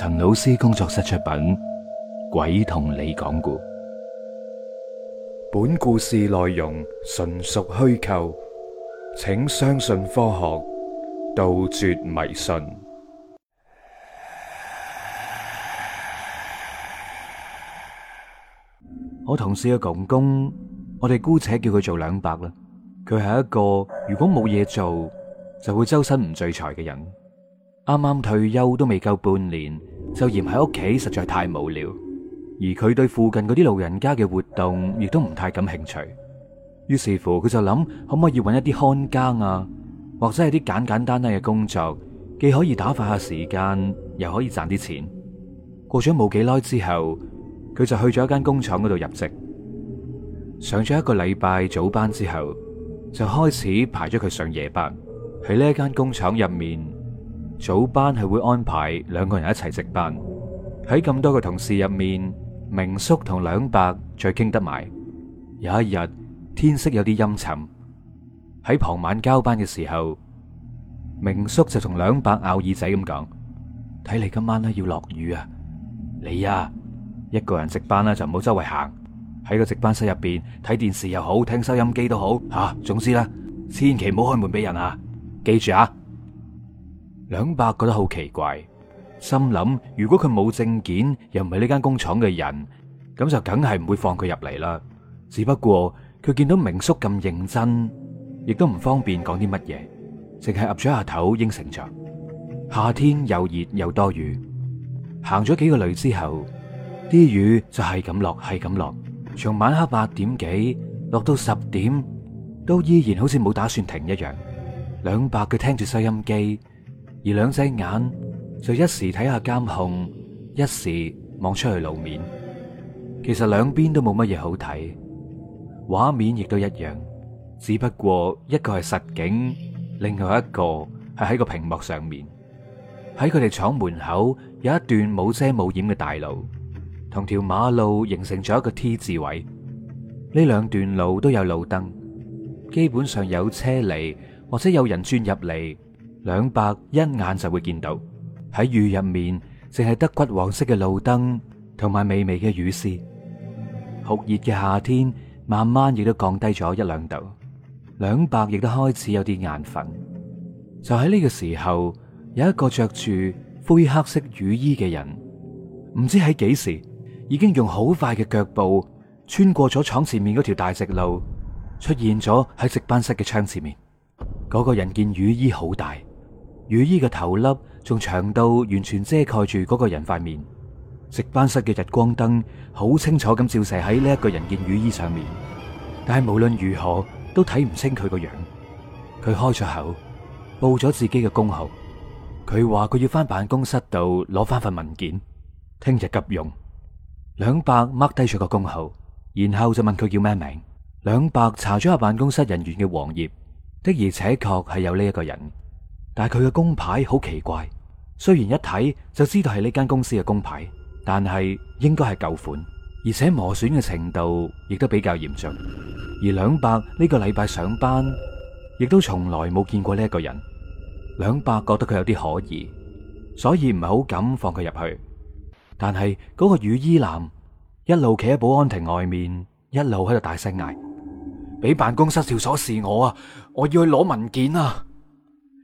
陳老師工作室出品《鬼同你講古》，本故事內容純屬虛構，請相信科學，杜絕迷信。我同事嘅公公，我哋姑且叫佢做兩百啦。佢係一個如果冇嘢做就會周身唔聚財嘅人。啱啱退休都未夠半年，就嫌喺屋企實在太無聊，而佢對附近嗰啲老人家嘅活動亦都唔太感興趣。於是乎，佢就諗可唔可以搵一啲看更啊，或者係啲簡簡單單嘅工作，既可以打發下時間，又可以賺啲錢。過咗冇幾耐之後，佢就去咗一間工廠嗰度入職。上咗一個禮拜早班之後，就開始排咗佢上夜班喺呢一間工廠入面。早班係會安排兩個人一齊值班。喺咁多個同事入面，明叔同兩伯最傾得埋。有一日天，天色有啲陰沉，喺傍晚交班嘅時候，明叔就同兩伯咬耳仔咁講：睇嚟今晚咧要落雨啊！你啊，一個人值班啦，就唔好周圍行，喺個值班室入邊睇電視又好，聽收音機都好吓、啊。總之啦，千祈唔好開門俾人啊！記住啊！兩伯覺得好奇怪，心諗如果佢冇證件，又唔係呢間工廠嘅人，咁就梗係唔會放佢入嚟啦。只不過佢見到明叔咁認真，亦都唔方便講啲乜嘢，淨係岌咗一下頭應承着。夏天又熱又多雨，行咗幾個雷之後，啲雨就係咁落，係咁落。從晚黑八點幾落到十點，都依然好似冇打算停一樣。兩伯佢聽住收音機。而兩隻眼就一時睇下監控，一時望出去路面。其實兩邊都冇乜嘢好睇，畫面亦都一樣，只不過一個係實景，另外一個係喺個屏幕上面。喺佢哋廠門口有一段冇遮冇掩嘅大路，同條馬路形成咗一個 T 字位。呢兩段路都有路燈，基本上有車嚟或者有人鑽入嚟。兩百一眼就會見到喺雨入面，淨係得骨黃色嘅路燈同埋微微嘅雨絲。酷熱嘅夏天，慢慢亦都降低咗一兩度。兩百亦都開始有啲眼瞓。就喺呢個時候，有一個着住灰黑色雨衣嘅人，唔知喺幾時，已經用好快嘅腳步穿過咗廠前面嗰條大直路，出現咗喺值班室嘅窗前面。嗰、那個人件雨衣好大。雨衣嘅頭笠仲長到完全遮蓋住嗰個人塊面。值班室嘅日光燈好清楚咁照射喺呢一個人件雨衣上面，但係無論如何都睇唔清佢個樣。佢開咗口，報咗自己嘅工號。佢話佢要翻辦公室度攞翻份文件，聽日急用。兩百 mark 低咗個工號，然後就問佢叫咩名。兩百查咗下辦公室人員嘅黃頁，的而且確係有呢一個人。但係佢嘅工牌好奇怪，雖然一睇就知道係呢間公司嘅工牌，但係應該係舊款，而且磨損嘅程度亦都比較嚴重。而兩伯呢個禮拜上班，亦都從來冇見過呢一個人。兩伯覺得佢有啲可疑，所以唔係好敢放佢入去。但係嗰個雨衣男一路企喺保安亭外面，一路喺度大聲嗌：俾辦公室條鎖匙我啊，我要去攞文件啊！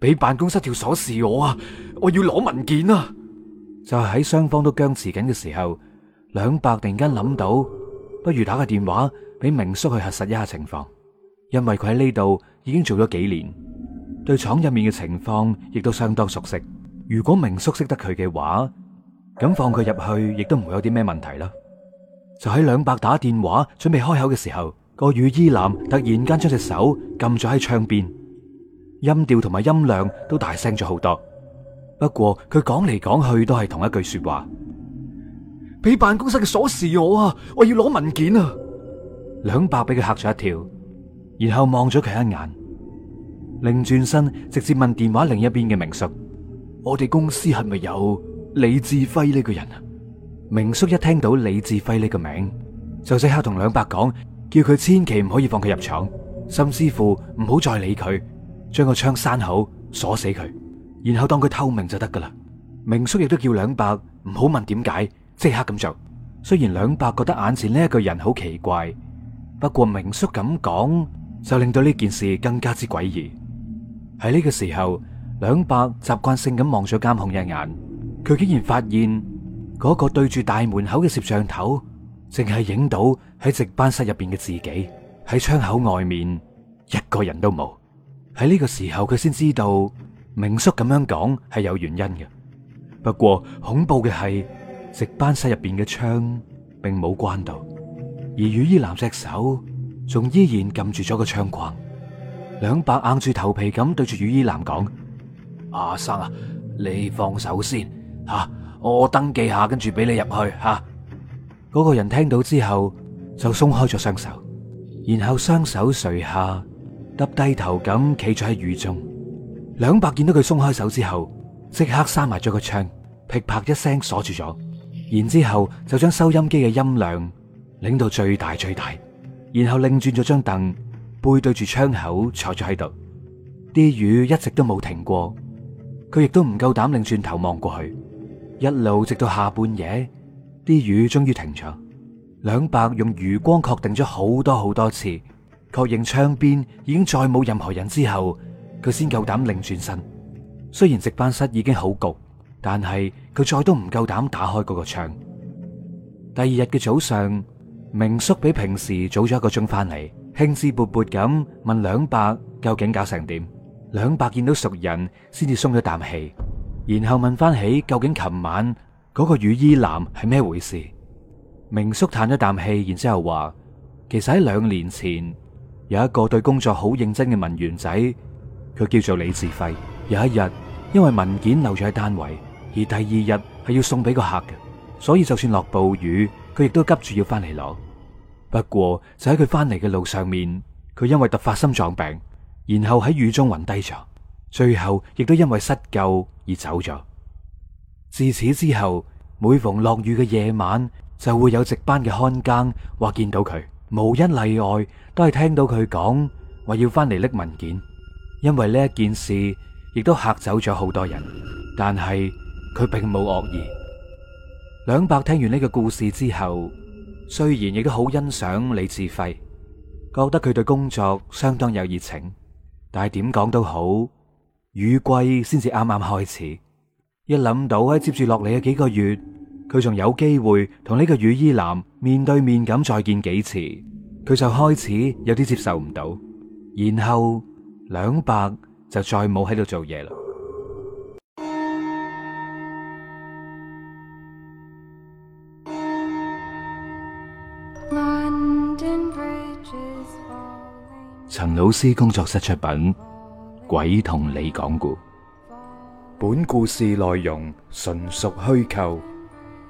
俾辦公室條鎖匙我啊，我要攞文件啊！就係喺雙方都僵持緊嘅時候，兩伯突然間諗到，不如打個電話俾明叔去核實一下情況，因為佢喺呢度已經做咗幾年，對廠入面嘅情況亦都相當熟悉。如果明叔識得佢嘅話，咁放佢入去亦都唔會有啲咩問題啦。就喺兩伯打電話準備開口嘅時候，個雨衣男突然間將隻手撳咗喺窗邊。音調同埋音量都大聲咗好多，不過佢講嚟講去都係同一句說話：俾辦公室嘅鎖匙我啊，我要攞文件啊。兩伯俾佢吓咗一跳，然後望咗佢一眼，擰轉身直接問電話另一邊嘅明叔： 我哋公司係咪有李志輝呢個人啊？明叔一聽到李志輝呢個名，就即刻同兩伯講，叫佢千祈唔可以放佢入廠，甚至乎唔好再理佢。將個窗閂好，鎖死佢，然後當佢透明就得噶啦。明叔亦都叫兩伯，唔好問點解，即刻咁做。雖然兩伯覺得眼前呢一個人好奇怪，不過明叔咁講就令到呢件事更加之詭異。喺呢個時候，兩伯習慣性咁望咗監控一眼，佢竟然發現嗰個對住大門口嘅攝像頭，淨係影到喺值班室入邊嘅自己，喺窗口外面一個人都冇。喺呢個時候，佢先知道明叔咁樣講係有原因嘅。不過恐怖嘅係，值班室入邊嘅窗並冇關到，而雨衣男隻手仲依然撳住咗個窗框。兩伯硬住頭皮咁對住雨衣男講：阿，啊生啊，你放手先吓，我登記下，跟住俾你入去吓。嗰個人聽到之後就鬆開咗雙手，然後雙手垂下。耷低頭咁企咗喺雨中，兩伯見到佢鬆開手之後，即刻閂埋咗個窗，噼啪一聲鎖住咗，然之後就將收音機嘅音量擰到最大最大，然後擰轉咗張凳，背對住窗口坐咗喺度。啲雨一直都冇停過，佢亦都唔夠膽擰轉頭望過去。一路直到下半夜，啲雨終於停咗。兩伯用餘光確定咗好多好多次。確認窗邊已經再冇任何人之後，佢先夠膽擰轉身。雖然值班室已經好焗，但係佢再都唔夠膽打開嗰個窗。第二日嘅早上，明叔比平時早咗一個鐘翻嚟，興致勃勃咁問兩伯究竟搞成點。兩伯見到熟人先至鬆咗啖氣，然後問翻起究竟琴晚嗰個雨衣男係咩回事。明叔嘆咗啖氣，然之後話：其實喺兩年前。有一個對工作好認真嘅文員仔，佢叫做李志輝。有一日，因為文件留咗喺單位，而第二日係要送俾個客嘅，所以就算落暴雨，佢亦都急住要翻嚟攞。不過就喺佢翻嚟嘅路上面，佢因為突發心臟病，然後喺雨中暈低咗，最後亦都因為失救而走咗。自此之後，每逢落雨嘅夜晚，就會有值班嘅看更話見到佢。無一例外都係聽到佢講話要翻嚟拎文件，因為呢一件事亦都嚇走咗好多人。但係佢並冇惡意。兩伯聽完呢個故事之後，雖然亦都好欣賞李志輝，覺得佢對工作相當有熱情，但係點講都好，雨季先至啱啱開始，一諗到喺接住落嚟嘅幾個月，佢仲有機會同呢個雨衣男面對面咁再見幾次，佢就開始有啲接受唔到，然後兩百就再冇喺度做嘢啦。陳老師工作室出品，鬼同你講古，本故事內容純屬虛構。